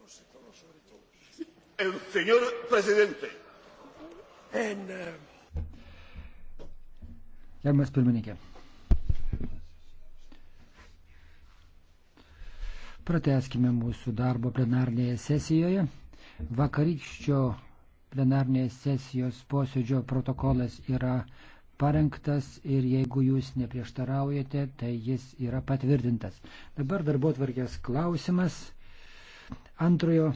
conoce todo sobre todo. El señor presidente. En, uh... Gerbiamas pirmininkė. Prateskime mūsų darbo plenarnėje sesijoje. Vakarykščio plenarnės sesijos posėdžio protokolas yra parengtas ir jeigu jūs neprieštaraujate, tai jis yra patvirtintas. Dabar darbo tvarkės klausimas antrojo